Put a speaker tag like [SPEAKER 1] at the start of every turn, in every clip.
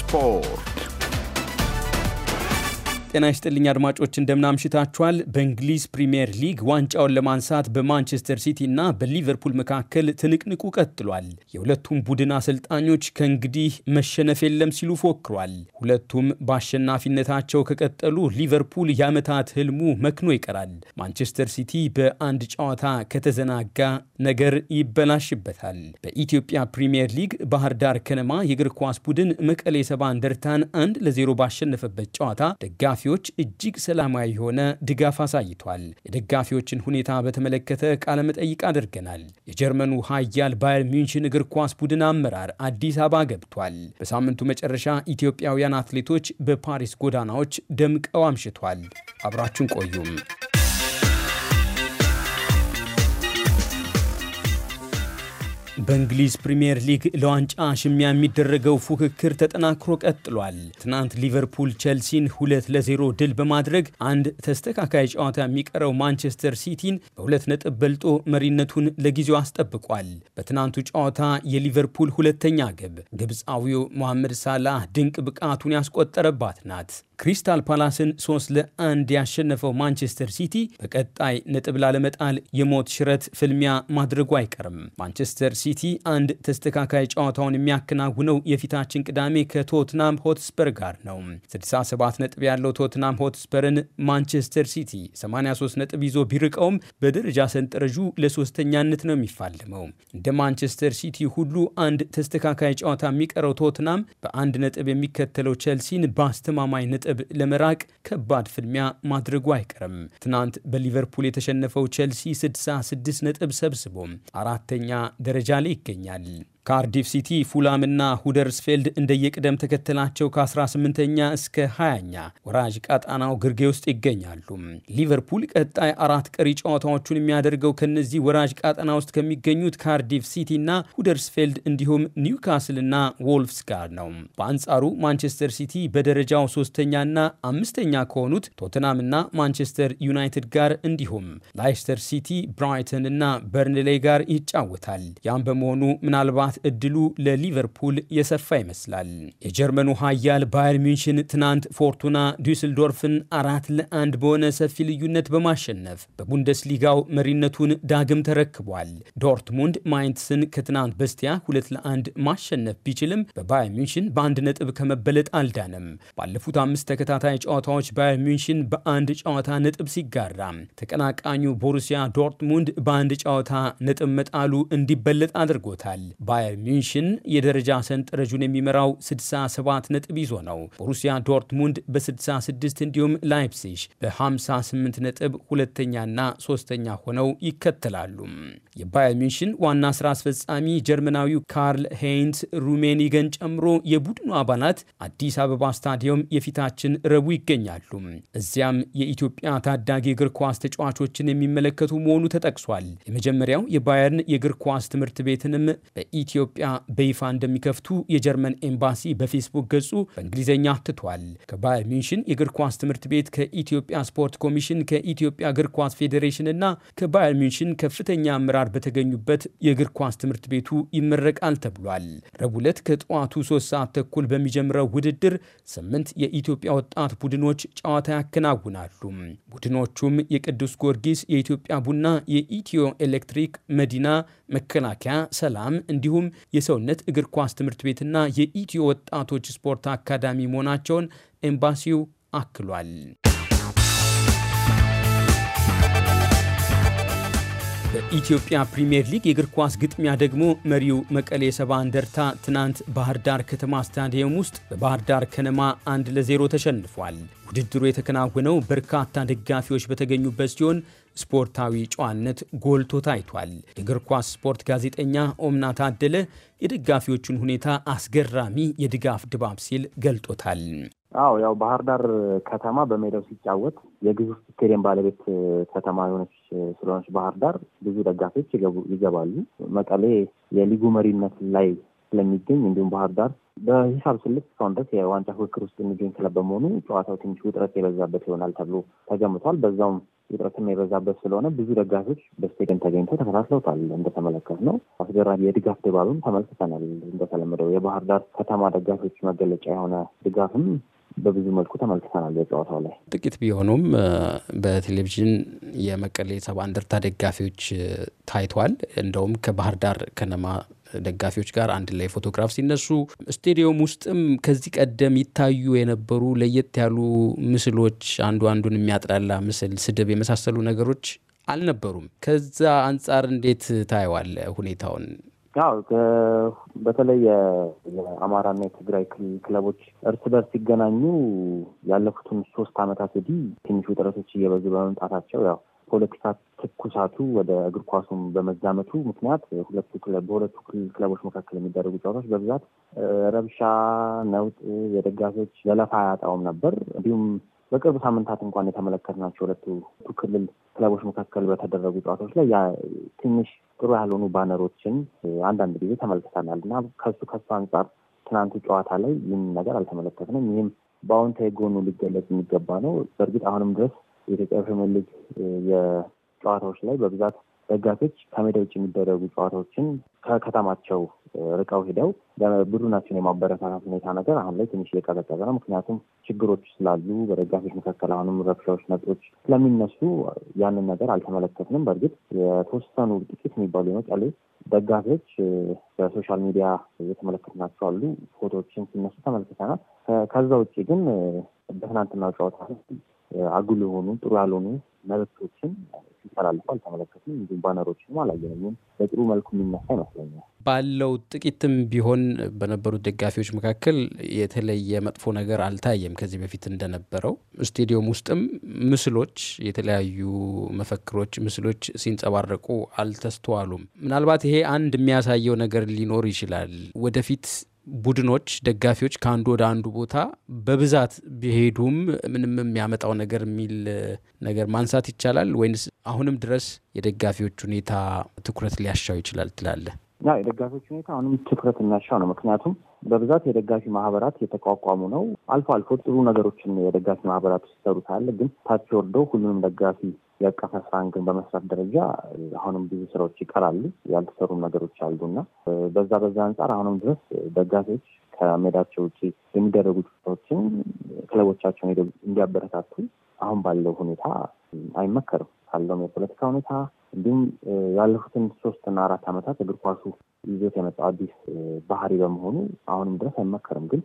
[SPEAKER 1] Spor. ጤና ይስጥልኝ አድማጮች፣ እንደምናምሽታችኋል። በእንግሊዝ ፕሪምየር ሊግ ዋንጫውን ለማንሳት በማንቸስተር ሲቲ እና በሊቨርፑል መካከል ትንቅንቁ ቀጥሏል። የሁለቱም ቡድን አሰልጣኞች ከእንግዲህ መሸነፍ የለም ሲሉ ፎክሯል። ሁለቱም በአሸናፊነታቸው ከቀጠሉ ሊቨርፑል የዓመታት ህልሙ መክኖ ይቀራል። ማንቸስተር ሲቲ በአንድ ጨዋታ ከተዘናጋ ነገር ይበላሽበታል። በኢትዮጵያ ፕሪምየር ሊግ ባህር ዳር ከነማ የእግር ኳስ ቡድን መቀሌ ሰባ እንደርታን አንድ ለዜሮ ባሸነፈበት ጨዋታ ደጋፊ ደጋፊዎች እጅግ ሰላማዊ የሆነ ድጋፍ አሳይቷል። የደጋፊዎችን ሁኔታ በተመለከተ ቃለመጠይቅ አድርገናል። የጀርመኑ ኃያል ባየር ሚንሽን እግር ኳስ ቡድን አመራር አዲስ አበባ ገብቷል። በሳምንቱ መጨረሻ ኢትዮጵያውያን አትሌቶች በፓሪስ ጎዳናዎች ደምቀው አምሽቷል። አብራችሁን ቆዩም። በእንግሊዝ ፕሪምየር ሊግ ለዋንጫ ሽሚያ የሚደረገው ፉክክር ተጠናክሮ ቀጥሏል። ትናንት ሊቨርፑል ቸልሲን ሁለት ለዜሮ ድል በማድረግ አንድ ተስተካካይ ጨዋታ የሚቀረው ማንቸስተር ሲቲን በሁለት ነጥብ በልጦ መሪነቱን ለጊዜው አስጠብቋል። በትናንቱ ጨዋታ የሊቨርፑል ሁለተኛ ግብ ግብፃዊው መሐመድ ሳላህ ድንቅ ብቃቱን ያስቆጠረባት ናት። ክሪስታል ፓላስን ሶስት ለአንድ ያሸነፈው ማንቸስተር ሲቲ በቀጣይ ነጥብ ላለመጣል የሞት ሽረት ፍልሚያ ማድረጉ አይቀርም። ማንቸስተር ሲቲ አንድ ተስተካካይ ጨዋታውን የሚያከናውነው የፊታችን ቅዳሜ ከቶትናም ሆትስፐር ጋር ነው። 67 ነጥብ ያለው ቶትናም ሆትስፐርን ማንቸስተር ሲቲ 83 ነጥብ ይዞ ቢርቀውም በደረጃ ሰንጠረዡ ለሶስተኛነት ነው የሚፋለመው። እንደ ማንቸስተር ሲቲ ሁሉ አንድ ተስተካካይ ጨዋታ የሚቀረው ቶትናም በአንድ ነጥብ የሚከተለው ቸልሲን በአስተማማኝ ነጥብ ነጥብ ለመራቅ ከባድ ፍልሚያ ማድረጉ አይቀርም። ትናንት በሊቨርፑል የተሸነፈው ቼልሲ 66 ነጥብ ሰብስቦ አራተኛ ደረጃ ላይ ይገኛል። ካርዲፍ ሲቲ፣ ፉላምና ሁደርስፌልድ እንደየቅደም ተከተላቸው ከ18ኛ እስከ 20ኛ ወራጅ ቀጣናው ግርጌ ውስጥ ይገኛሉ። ሊቨርፑል ቀጣይ አራት ቀሪ ጨዋታዎቹን የሚያደርገው ከነዚህ ወራጅ ቀጣና ውስጥ ከሚገኙት ካርዲፍ ሲቲና ሁደርስፌልድ እንዲሁም ኒውካስልና ዎልፍስ ጋር ነው። በአንጻሩ ማንቸስተር ሲቲ በደረጃው ሶስተኛና አምስተኛ ከሆኑት ቶትናምና ማንቸስተር ዩናይትድ ጋር እንዲሁም ላይስተር ሲቲ፣ ብራይተን እና በርንሌይ ጋር ይጫወታል። ያም በመሆኑ ምናልባት የመምራት እድሉ ለሊቨርፑል የሰፋ ይመስላል። የጀርመኑ ኃያል ባየር ሚንሽን ትናንት ፎርቱና ዱስልዶርፍን አራት ለአንድ በሆነ ሰፊ ልዩነት በማሸነፍ በቡንደስሊጋው መሪነቱን ዳግም ተረክቧል። ዶርትሙንድ ማይንትስን ከትናንት በስቲያ ሁለት ለአንድ ማሸነፍ ቢችልም በባየር ሚንሽን በአንድ ነጥብ ከመበለጥ አልዳንም። ባለፉት አምስት ተከታታይ ጨዋታዎች ባየር ሚንሽን በአንድ ጨዋታ ነጥብ ሲጋራ ተቀናቃኙ ቦሩሲያ ዶርትሙንድ በአንድ ጨዋታ ነጥብ መጣሉ እንዲበለጥ አድርጎታል። ባየር ሚንሽን የደረጃ ሰንጠረዡን የሚመራው 67 ነጥብ ይዞ ነው። ቦሩሲያ ዶርትሙንድ በ66 እንዲሁም ላይፕሲሽ በ58 ነጥብ ሁለተኛና ሶስተኛ ሆነው ይከተላሉ። የባየር ሚንሽን ዋና ስራ አስፈጻሚ ጀርመናዊው ካርል ሄይንስ ሩሜኒገን ጨምሮ የቡድኑ አባላት አዲስ አበባ ስታዲየም የፊታችን ረቡዕ ይገኛሉ። እዚያም የኢትዮጵያ ታዳጊ እግር ኳስ ተጫዋቾችን የሚመለከቱ መሆኑ ተጠቅሷል። የመጀመሪያው የባየርን የእግር ኳስ ትምህርት ቤትንም በኢትዮ ኢትዮጵያ በይፋ እንደሚከፍቱ የጀርመን ኤምባሲ በፌስቡክ ገጹ በእንግሊዝኛ ትቷል። ከባየር ሚንሽን የእግር ኳስ ትምህርት ቤት ከኢትዮጵያ ስፖርት ኮሚሽን ከኢትዮጵያ እግር ኳስ ፌዴሬሽን እና ከባየር ሚንሽን ከፍተኛ አመራር በተገኙበት የእግር ኳስ ትምህርት ቤቱ ይመረቃል ተብሏል። ረቡዕ ዕለት ከጠዋቱ ሶስት ሰዓት ተኩል በሚጀምረው ውድድር ስምንት የኢትዮጵያ ወጣት ቡድኖች ጨዋታ ያከናውናሉ። ቡድኖቹም የቅዱስ ጊዮርጊስ፣ የኢትዮጵያ ቡና፣ የኢትዮ ኤሌክትሪክ፣ መዲና መከላከያ፣ ሰላም እንዲሁም የሰውነት እግር ኳስ ትምህርት ቤትና የኢትዮ ወጣቶች ስፖርት አካዳሚ መሆናቸውን ኤምባሲው አክሏል። በኢትዮጵያ ፕሪምየር ሊግ የእግር ኳስ ግጥሚያ ደግሞ መሪው መቀሌ ሰባ እንደርታ ትናንት ባህር ዳር ከተማ ስታዲየም ውስጥ በባህር ዳር ከነማ አንድ ለዜሮ ተሸንፏል። ውድድሩ የተከናወነው በርካታ ደጋፊዎች በተገኙበት ሲሆን ስፖርታዊ ጨዋነት ጎልቶ ታይቷል። የእግር ኳስ ስፖርት ጋዜጠኛ ኦምና ታደለ የደጋፊዎቹን ሁኔታ አስገራሚ የድጋፍ ድባብ ሲል ገልጦታል።
[SPEAKER 2] አዎ ያው ባህር ዳር ከተማ በሜዳው ሲጫወት የግዙፍ ስቴዲየም ባለቤት ከተማ የሆነች ስለሆነች ባህር ዳር ብዙ ደጋፊዎች ይገባሉ። መቀሌ የሊጉ መሪነት ላይ ስለሚገኝ እንዲሁም ባህር ዳር በሂሳብ ስልት እስካሁን ድረስ የዋንጫ ፍክክር ውስጥ የሚገኝ ክለብ በመሆኑ ጨዋታው ትንሽ ውጥረት የበዛበት ይሆናል ተብሎ ተገምቷል። በዛውም ውጥረትም የበዛበት ስለሆነ ብዙ ደጋፊዎች በስቴዲየም ተገኝተው ተከታትለውታል። እንደተመለከት ነው አስገራሚ የድጋፍ ድባብም ተመልክተናል። እንደተለመደው የባህር ዳር ከተማ ደጋፊዎች መገለጫ የሆነ ድጋፍም በብዙ መልኩ ተመልክተናል። በጨዋታው ላይ
[SPEAKER 1] ጥቂት ቢሆኑም በቴሌቪዥን የመቀሌ ሰባ እንደርታ ደጋፊዎች ታይቷል። እንደውም ከባህር ዳር ከነማ ደጋፊዎች ጋር አንድ ላይ ፎቶግራፍ ሲነሱ ስቴዲየም ውስጥም ከዚህ ቀደም ይታዩ የነበሩ ለየት ያሉ ምስሎች፣ አንዱ አንዱን የሚያጥላላ ምስል፣ ስድብ የመሳሰሉ ነገሮች አልነበሩም። ከዛ አንጻር እንዴት ታየዋለ ሁኔታውን?
[SPEAKER 2] አዎ በተለይ የአማራና የትግራይ ክልል ክለቦች እርስ በርስ ሲገናኙ ያለፉትን ሶስት አመታት ወዲህ ትንሽ ውጥረቶች እየበዙ በመምጣታቸው ያው ፖለቲካ ትኩሳቱ ወደ እግር ኳሱም በመዛመቱ ምክንያት ሁለቱ በሁለቱ ክለቦች መካከል የሚደረጉ ጨዋታዎች በብዛት ረብሻ፣ ነውጥ፣ የደጋፊዎች ዘለፋ አያጣውም ነበር እንዲሁም በቅርብ ሳምንታት እንኳን የተመለከትናቸው ሁለቱ ክልል ክለቦች መካከል በተደረጉ ጨዋታዎች ላይ ትንሽ ጥሩ ያልሆኑ ባነሮችን አንዳንድ ጊዜ ተመልክተናል እና ከሱ ከሱ አንጻር ትናንቱ ጨዋታ ላይ ይህን ነገር አልተመለከትንም። ይህም በአዎንታዊ ጎኑ ሊገለጽ የሚገባ ነው። በእርግጥ አሁንም ድረስ የኢትዮጵያ ፕሪሚየር ሊግ የጨዋታዎች ላይ በብዛት ደጋፊዎች ከሜዳ ውጭ የሚደረጉ ጨዋታዎችን ከከተማቸው ርቀው ሄደው ቡድናችን የማበረታታት ሁኔታ ነገር አሁን ላይ ትንሽ እየቀዘቀዘ ነው። ምክንያቱም ችግሮች ስላሉ በደጋፊዎች መካከል አሁንም ረብሻዎች፣ ነጦች ስለሚነሱ ያንን ነገር አልተመለከትንም። በእርግጥ የተወሰኑ ጥቂት የሚባሉ የመቀሌ ደጋፊዎች በሶሻል ሚዲያ የተመለከትናቸው አሉ። ፎቶዎችን ሲነሱ ተመልክተናል። ከዛ ውጭ ግን በትናንትና ጨዋታ አጉል የሆኑ ጥሩ ያልሆኑ መልእክቶችን ሲተላልፉ አልተመለከትም። እንዲሁም ባነሮችም አላየንም። በጥሩ መልኩ የሚነሳ ይመስለኛል።
[SPEAKER 1] ባለው ጥቂትም ቢሆን በነበሩት ደጋፊዎች መካከል የተለየ መጥፎ ነገር አልታየም። ከዚህ በፊት እንደነበረው ስቴዲየም ውስጥም ምስሎች፣ የተለያዩ መፈክሮች፣ ምስሎች ሲንጸባረቁ አልተስተዋሉም። ምናልባት ይሄ አንድ የሚያሳየው ነገር ሊኖር ይችላል ወደፊት ቡድኖች ደጋፊዎች ከአንዱ ወደ አንዱ ቦታ በብዛት ቢሄዱም ምንም የሚያመጣው ነገር የሚል ነገር ማንሳት ይቻላል ወይንስ አሁንም ድረስ የደጋፊዎች ሁኔታ ትኩረት ሊያሻው ይችላል ትላለህ?
[SPEAKER 2] ያ የደጋፊዎች ሁኔታ አሁንም ትኩረት የሚያሻው ነው። ምክንያቱም በብዛት የደጋፊ ማህበራት የተቋቋሙ ነው። አልፎ አልፎ ጥሩ ነገሮችን የደጋፊ ማህበራት ሲሰሩ ሳለ ግን ታች ወርደው ሁሉንም ደጋፊ ያቀፈ ስራን ግን በመስራት ደረጃ አሁንም ብዙ ስራዎች ይቀራሉ፣ ያልተሰሩም ነገሮች እና በዛ በዛ አንጻር አሁንም ድረስ ደጋፊዎች ከሜዳቸው ውጭ የሚደረጉ ጨዋታዎችን ክለቦቻቸውን ሄደው እንዲያበረታቱ አሁን ባለው ሁኔታ አይመከርም። ካለውም የፖለቲካ ሁኔታ እንዲሁም ያለፉትን ሶስትና አራት ዓመታት እግር ኳሱ ይዞት የመጣው አዲስ ባህሪ በመሆኑ አሁንም ድረስ አይመከርም። ግን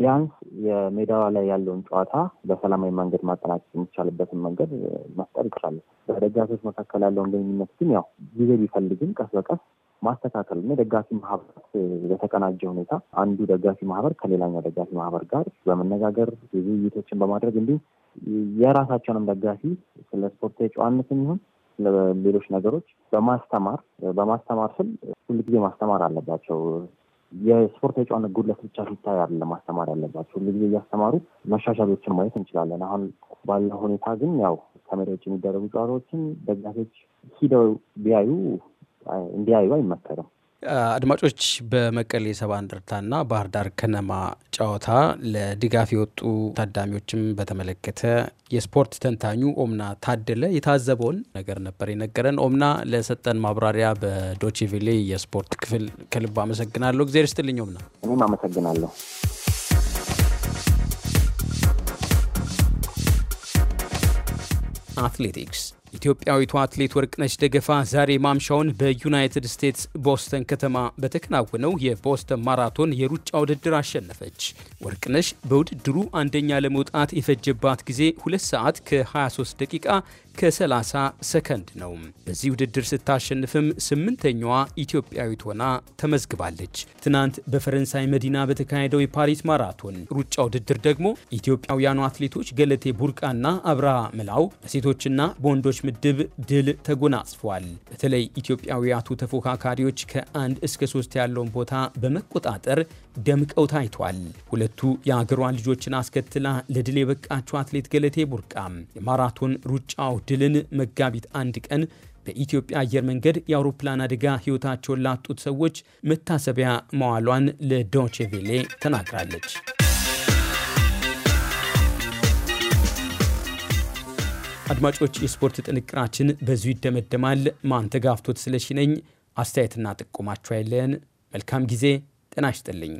[SPEAKER 2] ቢያንስ የሜዳዋ ላይ ያለውን ጨዋታ በሰላማዊ መንገድ ማጠናቀቅ የሚቻልበትን መንገድ መፍጠር ይችላል። በደጋፊዎች መካከል ያለውን ግንኙነት ግን ያው ጊዜ ቢፈልግም ቀስ በቀስ ማስተካከል እና ደጋፊ ማህበራት በተቀናጀ ሁኔታ አንዱ ደጋፊ ማህበር ከሌላኛው ደጋፊ ማህበር ጋር በመነጋገር ውይይቶችን በማድረግ እንዲሁም የራሳቸውንም ደጋፊ ስለ ስፖርት ጨዋነትም ይሁን ሌሎች ነገሮች በማስተማር በማስተማር ስል ሁልጊዜ ማስተማር አለባቸው። የስፖርት ተጫዋነት ጉድለት ብቻ ሲታይ አይደለም ማስተማር ያለባቸው። ሁልጊዜ እያስተማሩ መሻሻሎችን ማየት እንችላለን። አሁን ባለ ሁኔታ ግን ያው ከሜዳ ውጭ የሚደረጉ ጨዋታዎችን ደጋፊዎች ሂደው ቢያዩ እንዲያዩ አይመከርም።
[SPEAKER 1] አድማጮች በመቀሌ ሰባ እንደርታና ባህር ዳር ከነማ ጨዋታ ለድጋፍ የወጡ ታዳሚዎችም በተመለከተ የስፖርት ተንታኙ ኦምና ታደለ የታዘበውን ነገር ነበር የነገረን። ኦምና ለሰጠን ማብራሪያ በዶችቪሌ የስፖርት ክፍል ከልብ አመሰግናለሁ። እግዜር ስትልኝ ኦምና።
[SPEAKER 2] እኔም አመሰግናለሁ።
[SPEAKER 1] አትሌቲክስ ኢትዮጵያዊቷ አትሌት ወርቅነች ደገፋ ዛሬ ማምሻውን በዩናይትድ ስቴትስ ቦስተን ከተማ በተከናወነው የቦስተን ማራቶን የሩጫ ውድድር አሸነፈች። ወርቅነች በውድድሩ አንደኛ ለመውጣት የፈጀባት ጊዜ 2 ሰዓት ከ23 ደቂቃ ከ30 ሰከንድ ነው። በዚህ ውድድር ስታሸንፍም ስምንተኛዋ ኢትዮጵያዊት ሆና ተመዝግባለች። ትናንት በፈረንሳይ መዲና በተካሄደው የፓሪስ ማራቶን ሩጫ ውድድር ደግሞ ኢትዮጵያውያኑ አትሌቶች ገለቴ ቡርቃና አብርሃ ምላው በሴቶችና በወንዶች ምድብ ድል ተጎናጽፏል። በተለይ ኢትዮጵያዊያቱ ተፎካካሪዎች ከአንድ እስከ ሶስት ያለውን ቦታ በመቆጣጠር ደምቀው ታይቷል። ሁለቱ የአገሯን ልጆችን አስከትላ ለድል የበቃችው አትሌት ገለቴ ቡርቃ የማራቶን ሩጫው ድልን መጋቢት አንድ ቀን በኢትዮጵያ አየር መንገድ የአውሮፕላን አደጋ ሕይወታቸውን ላጡት ሰዎች መታሰቢያ መዋሏን ለዶቼ ቬሌ ተናግራለች። አድማጮች፣ የስፖርት ጥንቅራችን በዚሁ ይደመደማል። ማንተጋፍቶት ስለሺ ነኝ። አስተያየትና ጥቆማችሁ አይለየን። መልካም ጊዜ። ጤና ይስጥልኝ።